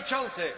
przewodniczący!